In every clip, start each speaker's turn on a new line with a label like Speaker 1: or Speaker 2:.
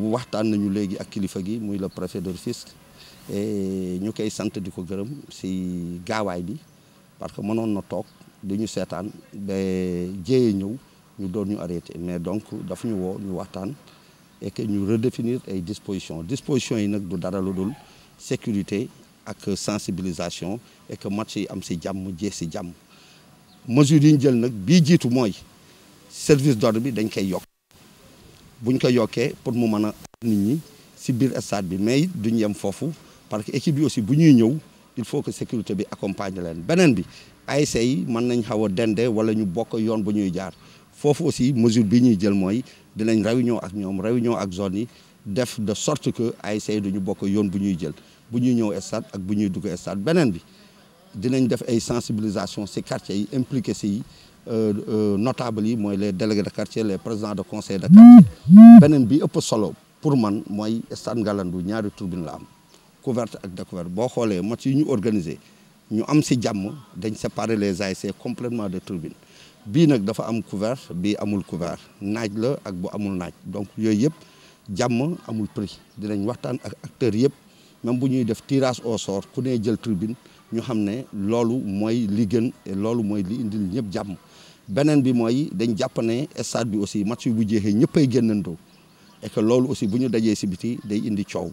Speaker 1: waxtaan nañu léegi ak kilifa gi muy la préfet de Rufisque et ñu koy sant di ko gërëm si gaawaay bi parce que mënoon na toog di seetaan ba jéeye ñëw ñu doon ñu arrêté mais donc dafa ñu woo ñu waxtaan et ñu redefinir ay dispositions dispositions yi nag du dara lu dul sécurité ak sensibilisation et que match yi am si jàmm jeex si jàmm. mesures yi ñu jël nag bii jiitu mooy service d'ordre bi dañ koy yokk buñ ko yokkee pour mu mën a nit ñi si biir stade bi mais duñ yem foofu parce que équipe yi aussi bu ñuy ñëw il faut que sécurité bi accompagne leen beneen bi ay yi mën nañ xaw a dende wala ñu bokk yoon bu ñuy jaar foofu aussi mesure bi ñuy jël mooy dinañ réunion ak ñoom réunion ak zone yi def de sorte que ay ASC du ñu bokk yoon bu ñuy jël bu ñuy ñëw stade ak bu ñuy dugg stade beneen bi dinañ def ay sensibilisation ci quartier yi impliqué ci euh, euh, notables yi mooy les délégués de quartier les présidents de conseil de quartier beneen bi ëpp solo pour man mooy stade Ngalandou ñaari tribune la am couverte ak découverte boo xoolee match yi ñu organisé ñu am si jàmm dañ séparer les ASC complètement de tribune bii nag dafa am couvert bii amul couvert naaj la ak bu amul naaj donc yooyu yëpp jàmm amul prix dinañ waxtaan ak acteurs yëpp même bu ñuy def tirage au sort ku ne jël tribune ñu xam ne loolu mooy li gën loolu mooy li indil ñëpp jàmm beneen bi mooy dañ jàpp ne stade bi aussi match bu jeexee ñëppay génnandoo et que loolu aussi bu ñu dajee si biti day indi coow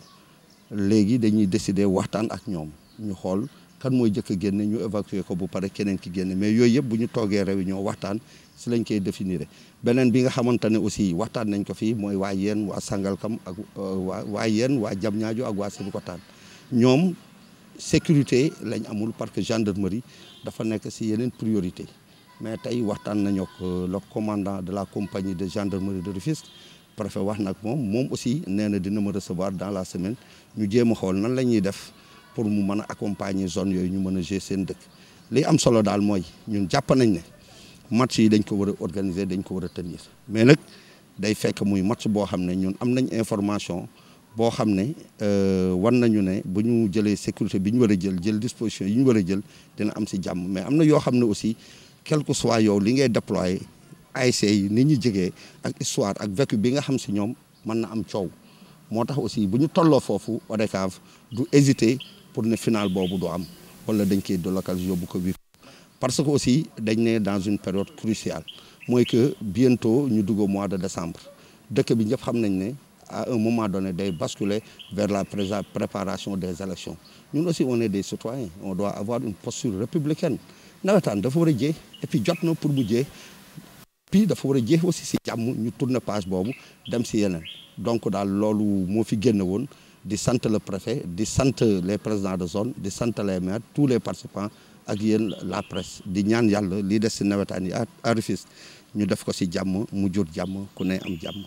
Speaker 1: léegi dañuy décider waxtaan ak ñoom ñu xool kan mooy jëkk a ñu évacuer ko bu pare keneen ki génne mais yooyu yëpp bu ñu toogee ñoo waxtaan si lañ koy définir beneen bi nga xamante ne aussi waxtaan nañ ko fii mooy waa yéen waa sangal Sangalkam ak euh, waa waa yéen waa Diamniadio ak waa Sébikotane ñoom sécurité lañ amul parce que gendarmerie dafa nekk si yeneen priorité mais tey waxtaan nañoo ak euh, commandant de la compagnie de gendarmerie de Rufisque préfet wax nag moom moom aussi nee na dina ma recevoir dans la semaine ñu jéem a xool nan la ñuy def pour mu mën a accompagner zone yooyu ñu mën a gérer seen dëkk li am solo daal mooy ñun jàppa nañ ne match yi dañ ko war a organiser dañ ko war a tenir mais nag day fekk muy match boo xam ne ñun am nañ information boo xam ne euh, war nañu ne bu ñu jëlee sécurité bi ñu war a jël jël disposition yi ñu war a jël dina am si jàmm mais am na yoo xam ne aussi quel que soit yow li ngay déployer ASC yi nit ñu jegee ak histoire ak vécu bi nga xam si ñoom mën na am coow moo tax aussi bu ñu tolloo foofu ODCAV du hésiter pour ne final boobu du am wala dañ koy délocaliser yóbbu ko bi parce que aussi dañ ne dans une période cruciale mooy que bientôt ñu dugg mois de décembre dëkk bi ñëpp xam nañ ne à un moment donné, de basculer vers la préparation des élections. Nous aussi, on est des citoyens. On doit avoir une posture républicaine. Nous devons war a et puis jot pour mu puis de war a jeex aussi si nous ñu pas page boobu dem si donc dans l'eau où fi génn woon di le préfet di santé les présidents de zone di santé les maires tous les participants ak la presse di ñaan yàlla lii des si nawetaan yi à Rufisque ñu def ko si jàmm mu nous jàmm ku ne am jàmm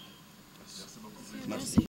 Speaker 1: Merci.